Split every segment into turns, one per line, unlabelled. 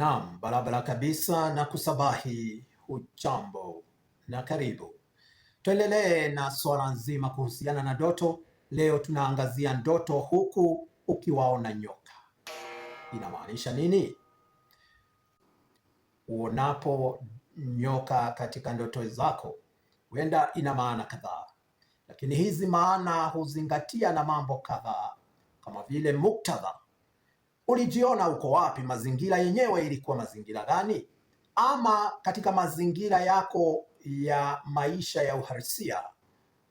Naam, barabara kabisa na kusabahi, uchambo na karibu. Tuendelee na swala nzima kuhusiana na ndoto. Leo tunaangazia ndoto huku ukiwaona nyoka. Inamaanisha nini? Uonapo nyoka katika ndoto zako, huenda ina maana kadhaa, lakini hizi maana huzingatia na mambo kadhaa kama vile muktadha ulijiona uko wapi? Mazingira yenyewe ilikuwa mazingira gani? Ama katika mazingira yako ya maisha ya uharisia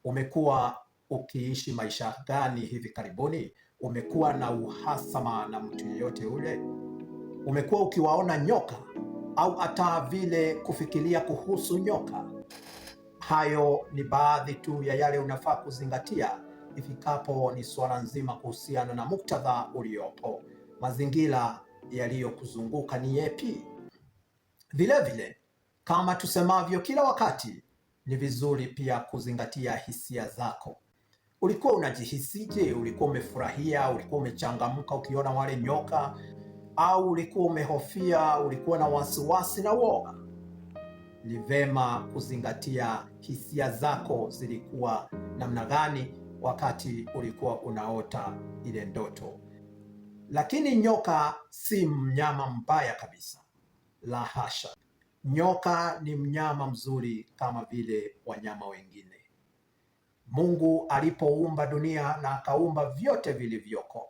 umekuwa ukiishi maisha gani? Hivi karibuni umekuwa na uhasama na mtu yeyote ule? Umekuwa ukiwaona nyoka au hata vile kufikiria kuhusu nyoka? Hayo ni baadhi tu ya yale unafaa kuzingatia ifikapo ni suala nzima kuhusiana na muktadha uliopo mazingira yaliyokuzunguka ni yepi. Vilevile, kama tusemavyo kila wakati, ni vizuri pia kuzingatia hisia zako. Ulikuwa unajihisije? Ulikuwa umefurahia? Ulikuwa umechangamka ukiona wale nyoka? Au ulikuwa umehofia? Ulikuwa na wasiwasi na woga? Ni vema kuzingatia hisia zako zilikuwa namna gani wakati ulikuwa unaota ile ndoto. Lakini nyoka si mnyama mbaya kabisa, la hasha. Nyoka ni mnyama mzuri kama vile wanyama wengine. Mungu alipoumba dunia na akaumba vyote vilivyoko,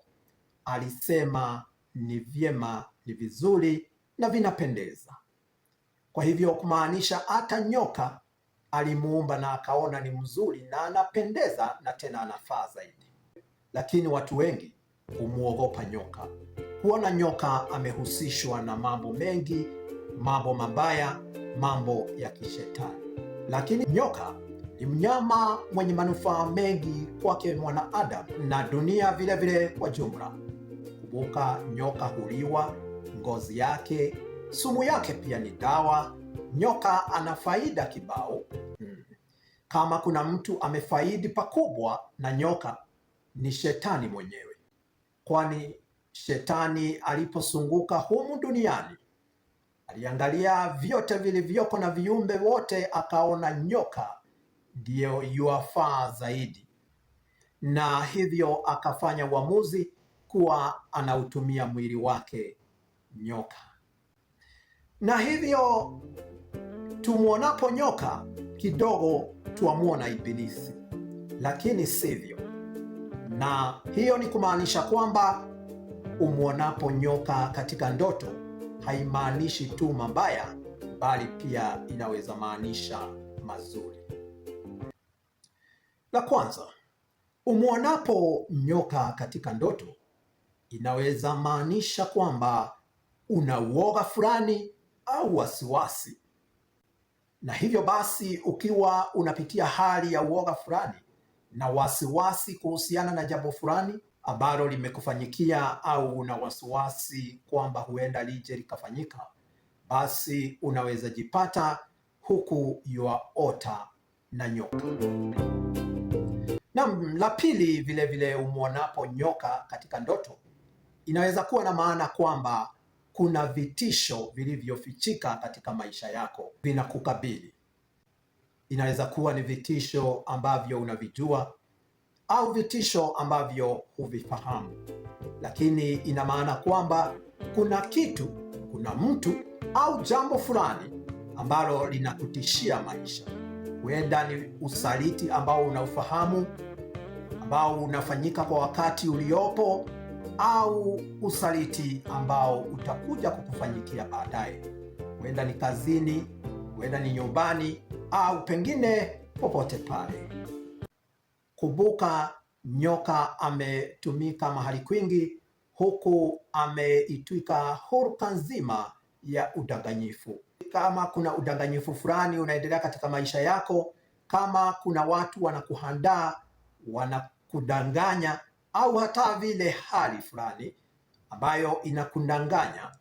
alisema ni vyema, ni vizuri na vinapendeza. Kwa hivyo kumaanisha hata nyoka alimuumba na akaona ni mzuri na anapendeza na tena anafaa zaidi, lakini watu wengi kumwogopa nyoka. Kuona nyoka amehusishwa na mambo mengi, mambo mabaya, mambo ya kishetani. Lakini nyoka ni mnyama mwenye manufaa mengi kwake mwanadamu na dunia vilevile vile kwa jumla. Kumbuka, nyoka huliwa, ngozi yake, sumu yake pia ni dawa. Nyoka ana faida kibao. Hmm. Kama kuna mtu amefaidi pakubwa na nyoka ni shetani mwenyewe kwani shetani aliposunguka humu duniani aliangalia vyote vilivyoko na viumbe wote, akaona nyoka ndiyo yuafaa zaidi, na hivyo akafanya uamuzi kuwa anautumia mwili wake nyoka. Na hivyo tumwonapo nyoka kidogo tuamua Ibilisi, lakini sivyo na hiyo ni kumaanisha kwamba umwonapo nyoka katika ndoto haimaanishi tu mabaya, bali pia inaweza maanisha mazuri. La kwanza, umwonapo nyoka katika ndoto inaweza maanisha kwamba una uoga fulani au wasiwasi, na hivyo basi, ukiwa unapitia hali ya uoga fulani na wasiwasi kuhusiana na jambo fulani ambalo limekufanyikia au una wasiwasi kwamba huenda lije likafanyika, basi unaweza jipata huku yuaota na nyoka. Naam, la pili, vile vile umwonapo nyoka katika ndoto inaweza kuwa na maana kwamba kuna vitisho vilivyofichika katika maisha yako vinakukabili inaweza kuwa ni vitisho ambavyo unavijua au vitisho ambavyo huvifahamu, lakini ina maana kwamba kuna kitu, kuna mtu au jambo fulani ambalo linakutishia maisha. Huenda ni usaliti ambao unaufahamu, ambao unafanyika kwa wakati uliopo, au usaliti ambao utakuja kukufanyikia baadaye. Huenda ni kazini, huenda ni nyumbani au pengine popote pale. Kumbuka, nyoka ametumika mahali kwingi, huku ameitwika hulka nzima ya udanganyifu. Kama kuna udanganyifu fulani unaendelea katika maisha yako, kama kuna watu wanakuhandaa, wanakudanganya, au hata vile hali fulani ambayo inakudanganya,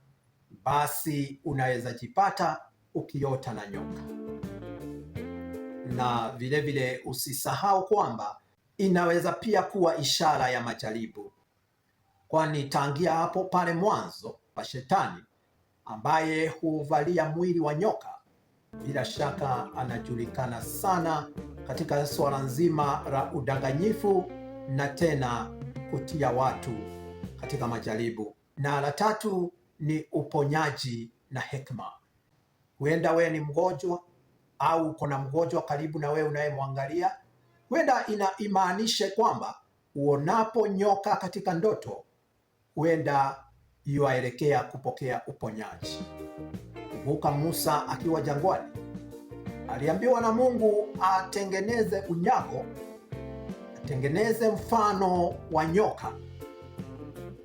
basi unaweza jipata ukiota na nyoka na vile vile usisahau kwamba inaweza pia kuwa ishara ya majaribu, kwani tangia hapo pale mwanzo pa Shetani ambaye huvalia mwili wa nyoka, bila shaka anajulikana sana katika suala nzima la udanganyifu na tena kutia watu katika majaribu. Na la tatu ni uponyaji na hekima. Huenda wewe ni mgonjwa au uko na mgonjwa karibu na wewe unayemwangalia, huenda ina imaanishe kwamba uonapo nyoka katika ndoto, huenda yuaelekea kupokea uponyaji. Kumbuka Musa akiwa jangwani, aliambiwa na Mungu atengeneze unyago, atengeneze mfano wa nyoka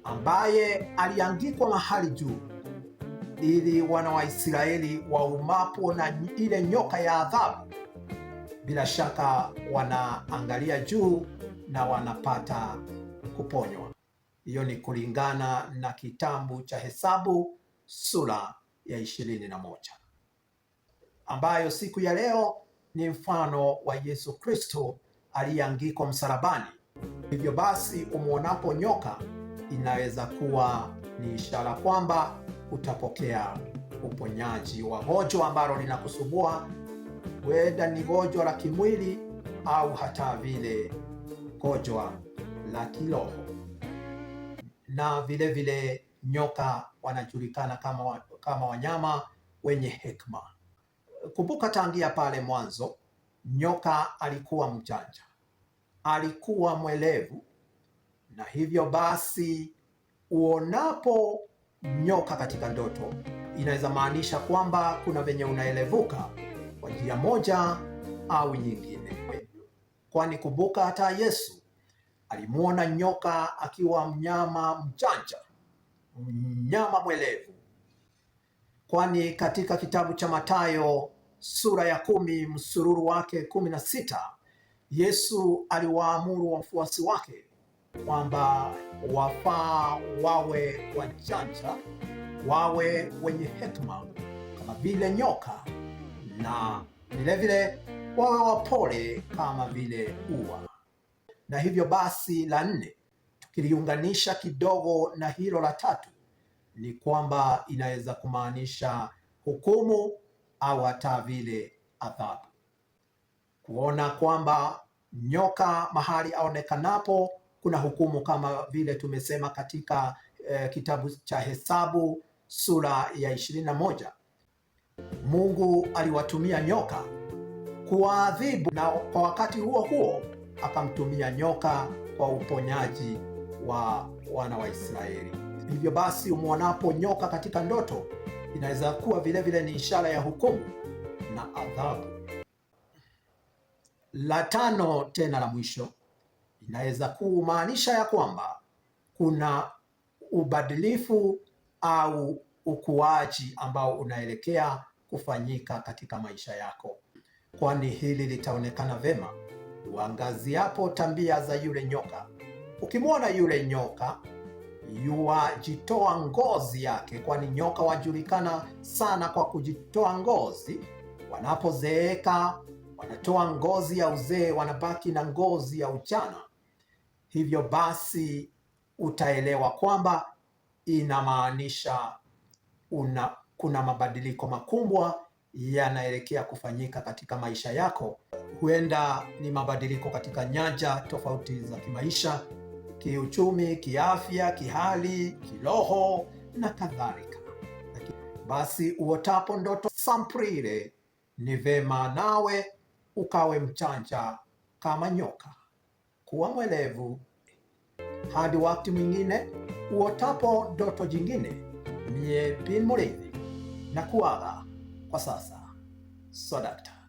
ambaye aliangikwa mahali juu ili wana wa Israeli waumapo na ile nyoka ya adhabu, bila shaka wanaangalia juu na wanapata kuponywa. Hiyo ni kulingana na kitabu cha Hesabu sura ya ishirini na moja ambayo siku ya leo ni mfano wa Yesu Kristo aliyeangikwa msalabani. Hivyo basi, umwonapo nyoka inaweza kuwa ni ishara kwamba utapokea uponyaji wa gojwa ambalo linakusumbua. Huenda ni gojwa la kimwili au hata vile gojwa la kiroho. Na vilevile vile nyoka wanajulikana kama, kama wanyama wenye hekima. Kumbuka tangia pale mwanzo, nyoka alikuwa mjanja, alikuwa mwelevu, na hivyo basi uonapo nyoka katika ndoto inaweza maanisha kwamba kuna venye unaelevuka kwa njia moja au nyingine, kwani kumbuka, hata Yesu alimwona nyoka akiwa mnyama mjanja, mnyama mwelevu, kwani katika kitabu cha Mathayo sura ya kumi msururu wake kumi na sita Yesu aliwaamuru wafuasi wake kwamba wafaa wawe wajanja, wawe wenye hekima kama vile nyoka, na vilevile wawe wapole kama vile ua. Na hivyo basi, la nne tukiliunganisha kidogo na hilo la tatu, ni kwamba inaweza kumaanisha hukumu au hata vile adhabu. Kuona kwamba nyoka mahali aonekanapo kuna hukumu kama vile tumesema katika eh, kitabu cha Hesabu sura ya 21 Mungu aliwatumia nyoka kuwaadhibu na kwa wakati huo huo akamtumia nyoka kwa uponyaji wa wana wa Israeli. Hivyo basi, umwonapo nyoka katika ndoto inaweza kuwa vile vile ni ishara ya hukumu na adhabu. La tano tena la mwisho inaweza kumaanisha ya kwamba kuna ubadilifu au ukuaji ambao unaelekea kufanyika katika maisha yako, kwani hili litaonekana vema uangaziapo tabia za yule nyoka. Ukimwona yule nyoka yuwajitoa ngozi yake, kwani nyoka wajulikana sana kwa kujitoa ngozi. Wanapozeeka wanatoa ngozi ya uzee, wanabaki na ngozi ya ujana. Hivyo basi utaelewa kwamba inamaanisha una, kuna mabadiliko makubwa yanaelekea kufanyika katika maisha yako. Huenda ni mabadiliko katika nyanja tofauti za kimaisha, kiuchumi, kiafya, kihali, kiroho na kadhalika. Basi uotapo ndoto sampri ile, ni vema nawe ukawe mchanja kama nyoka kuwa mwelevu. Hadi wakati mwingine uotapo ndoto jingine, miye Pin Muridhi na kuaga kwa sasa. sodakta